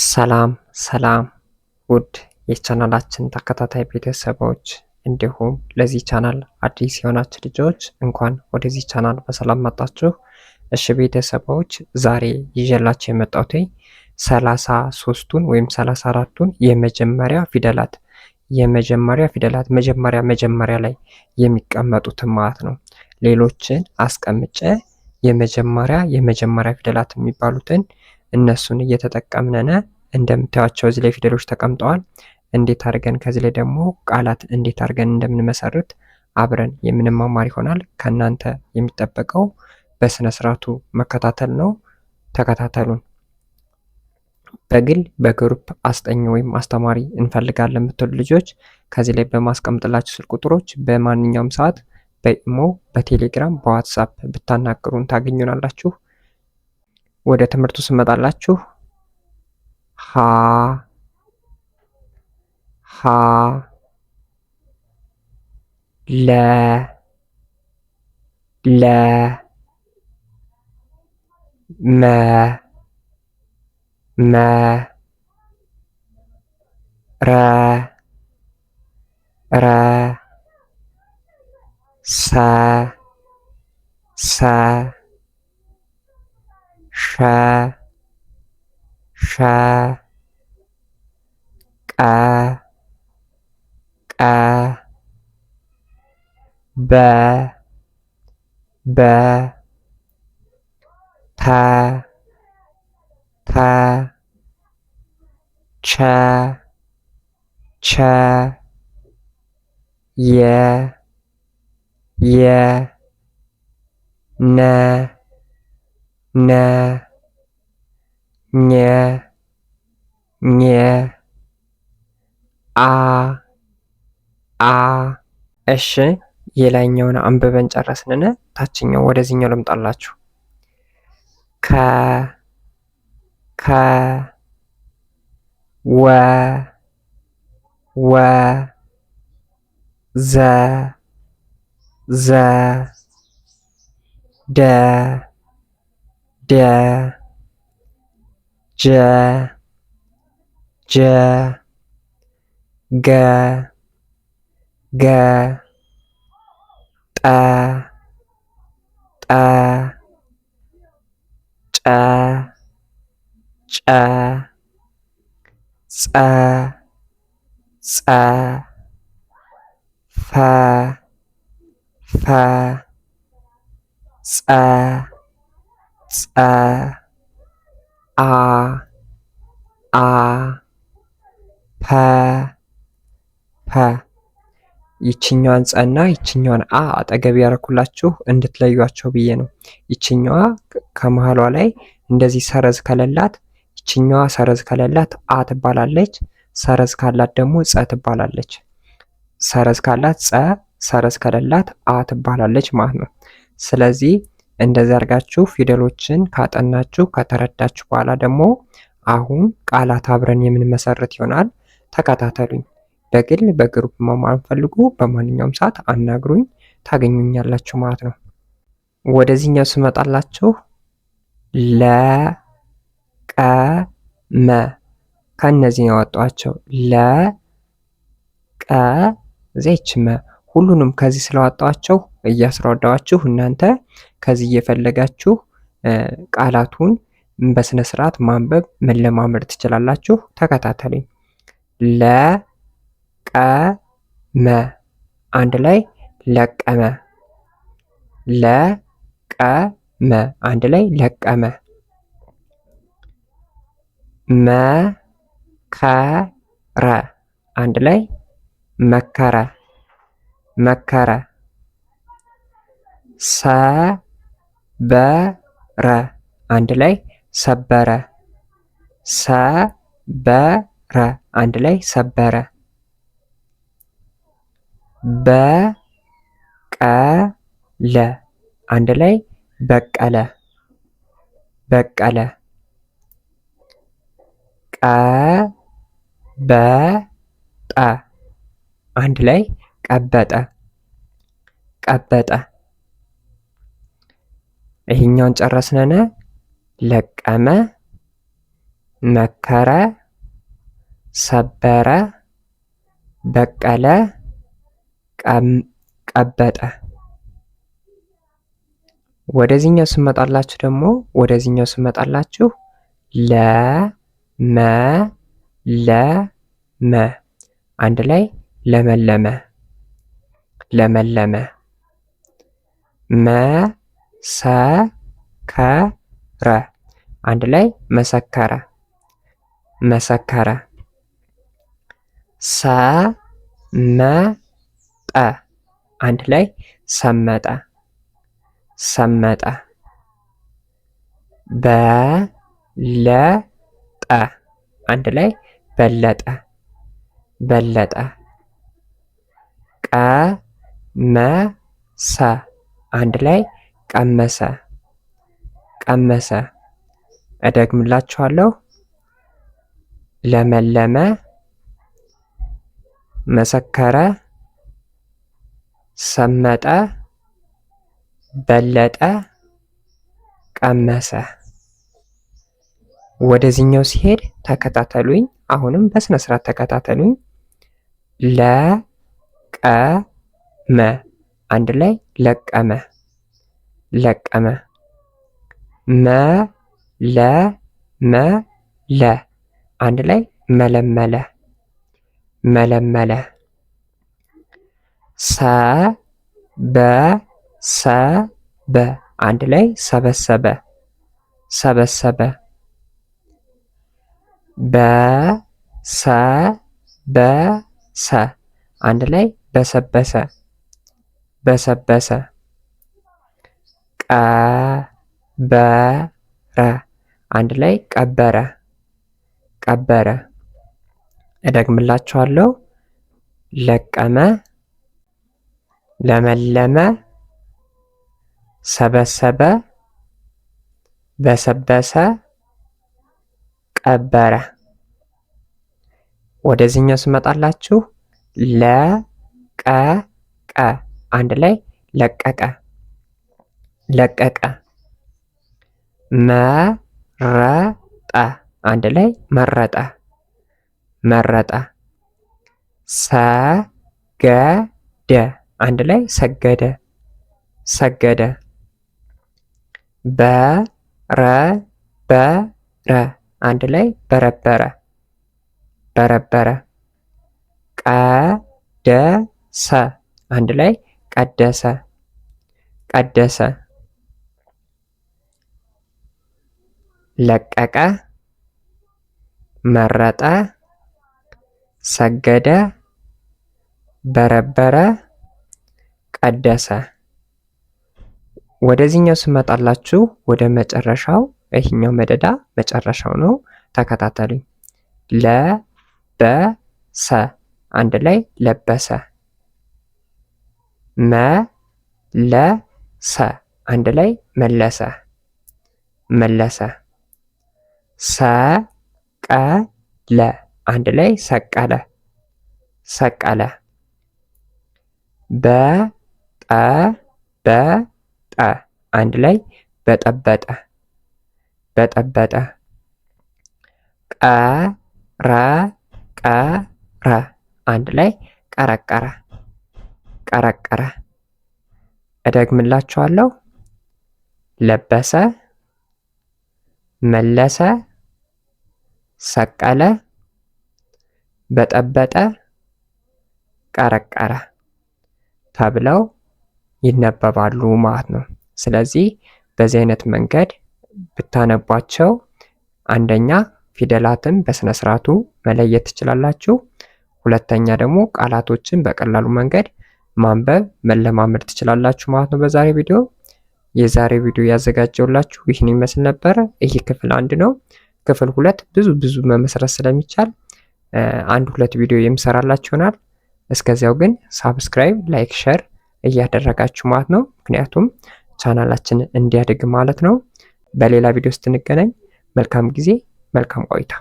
ሰላም ሰላም ውድ የቻናላችን ተከታታይ ቤተሰቦች እንዲሁም ለዚህ ቻናል አዲስ የሆናችሁ ልጆች እንኳን ወደዚህ ቻናል በሰላም መጣችሁ። እሺ ቤተሰቦች ዛሬ ይዤላችሁ የመጣሁት ሰላሳ ሶስቱን ወይም ሰላሳ አራቱን የመጀመሪያ ፊደላት የመጀመሪያ ፊደላት መጀመሪያ መጀመሪያ ላይ የሚቀመጡትን ማለት ነው። ሌሎችን አስቀምጬ የመጀመሪያ የመጀመሪያ ፊደላት የሚባሉትን እነሱን እየተጠቀምነነ እንደምታያቸው እዚህ ላይ ፊደሎች ተቀምጠዋል። እንዴት አድርገን ከዚህ ላይ ደግሞ ቃላት እንዴት አድርገን እንደምንመሰርት አብረን የምንማማር ይሆናል። ከእናንተ የሚጠበቀው በስነ ስርዓቱ መከታተል ነው። ተከታተሉን። በግል በግሩፕ አስጠኝ ወይም አስተማሪ እንፈልጋለን የምትሉ ልጆች ከዚህ ላይ በማስቀምጥላቸው ስልክ ቁጥሮች በማንኛውም ሰዓት በኢሞ፣ በቴሌግራም፣ በዋትሳፕ ብታናግሩን ታገኙናላችሁ። ወደ ትምህርቱ ስመጣላችሁ ሀ ሀ ለ ለ መ መ ረ ረ ሰ ሰ ሸ ሸ ቀ ቀ በ በ ተ ተ ቸ ቸ የ የ ነ ነ ኘ ኜ አ አ እሺ የላይኛውን አንብበን ጨረስንን። ታችኛው ወደዚህኛው ልምጣላችሁ። ከ ከ ወ ወ ዘ ዘ ደ da ja ja ga ga ta ta ca ca sa sa fa fa sa ጸ አ አ ፐ ፐ ይችኛዋን ጸና ይችኛዋን አ አጠገብ ያረኩላችሁ እንድትለዩቸው ብዬ ነው። ይችኛዋ ከመሃሏ ላይ እንደዚህ ሰረዝ ከሌላት ይችኛዋ ሰረዝ ከሌላት አ ትባላለች። ሰረዝ ካላት ደግሞ ጸ ትባላለች። ሰረዝ ካላት ጸ፣ ሰረዝ ከሌላት አ ትባላለች ማለት ነው። ስለዚህ እንደዚህ አድርጋችሁ ፊደሎችን ካጠናችሁ ከተረዳችሁ በኋላ ደግሞ አሁን ቃላት አብረን የምንመሰርት ይሆናል። ተከታተሉኝ። በግል በግሩፕ መማር ፈልጉ በማንኛውም ሰዓት አናግሩኝ፣ ታገኙኛላችሁ ማለት ነው። ወደዚህኛው ስመጣላችሁ ለቀመ ከእነዚህ ያወጧቸው ለቀ ዜችመ ሁሉንም ከዚህ ስለዋጧቸው እያስረዳዋችሁ እናንተ ከዚህ እየፈለጋችሁ ቃላቱን በስነ ስርዓት ማንበብ መለማመድ ትችላላችሁ። ተከታተሉኝ። ለቀመ አንድ ላይ ለቀመ፣ ለቀመ አንድ ላይ ለቀመ። መከረ አንድ ላይ መከረ፣ መከረ። ሳ Sabara, ra, andelay, sabara, sa, andelay, sabara, ba, ka, la, andelay, ba, ka, la, ba, ka, la, ka, ba, a, andelay, ka, ba, a, ka, ba, a. ይሄኛውን ጨረስነነ ለቀመ፣ መከረ፣ ሰበረ፣ በቀለ፣ ቀበጠ። ወደዚህኛው ስመጣላችሁ ደግሞ ወደዚህኛው ስመጣላችሁ ለ መ ለ መ አንድ ላይ ለመለመ ለመለመ መ ሰከረ አንድ ላይ መሰከረ መሰከረ ሰመጠ አንድ ላይ ሰመጠ ሰመጠ በለጠ አንድ ላይ በለጠ በለጠ ቀመሰ አንድ ላይ ቀመሰ ቀመሰ። እደግምላችኋለሁ። ለመለመ፣ መሰከረ፣ ሰመጠ፣ በለጠ፣ ቀመሰ። ወደዚህኛው ሲሄድ ተከታተሉኝ። አሁንም በስነ ስርዓት ተከታተሉኝ። ለቀመ አንድ ላይ ለቀመ ለቀመ መ መ ለ ለ አንድ ላይ መለመለ መለመለ በ አንድ ላይ ሰበሰበ ሰበሰበ በ ሰ አንድ ላይ በሰበሰ በሰበሰ ቀበረ አንድ ላይ ቀበረ ቀበረ። እደግምላችኋለሁ። ለቀመ፣ ለመለመ፣ ሰበሰበ፣ በሰበሰ፣ ቀበረ። ወደዚህኛው ስመጣላችሁ ለቀቀ አንድ ላይ ለቀቀ Lekat a marat a andalai marata marata marat a saga da andalai saga da saga da ba raba da andalai bara bara bara bara kada sa andalai kada sa kada sa. ለቀቀ፣ መረጠ፣ ሰገደ፣ በረበረ፣ ቀደሰ። ወደዚህኛው ስመጣላችሁ ወደ መጨረሻው ይህኛው መደዳ መጨረሻው ነው። ተከታተሉኝ። ለበሰ አንድ ላይ ለበሰ። መለሰ አንድ ላይ መለሰ መለሰ ሰቀለ አንድ ላይ ሰቀለ ሰቀለ በጠበጠ አንድ ላይ በጠበጠ በጠበጠ ቀረቀረ አንድ ላይ ቀረቀረ ቀረቀረ እደግምላችኋለሁ ለበሰ መለሰ ሰቀለ፣ በጠበጠ፣ ቀረቀረ ተብለው ይነበባሉ ማለት ነው። ስለዚህ በዚህ አይነት መንገድ ብታነቧቸው አንደኛ ፊደላትን በስነ ስርዓቱ መለየት ትችላላችሁ። ሁለተኛ ደግሞ ቃላቶችን በቀላሉ መንገድ ማንበብ መለማመድ ትችላላችሁ ማለት ነው። በዛሬ ቪዲዮ የዛሬ ቪዲዮ ያዘጋጀውላችሁ ይህን ይመስል ነበረ። ይህ ክፍል አንድ ነው። ክፍል ሁለት ብዙ ብዙ መመስረት ስለሚቻል አንድ ሁለት ቪዲዮ የምሰራላችሁ ይሆናል። እስከዚያው ግን ሳብስክራይብ፣ ላይክ፣ ሸር እያደረጋችሁ ማለት ነው። ምክንያቱም ቻናላችን እንዲያድግ ማለት ነው። በሌላ ቪዲዮ ስትንገናኝ መልካም ጊዜ፣ መልካም ቆይታ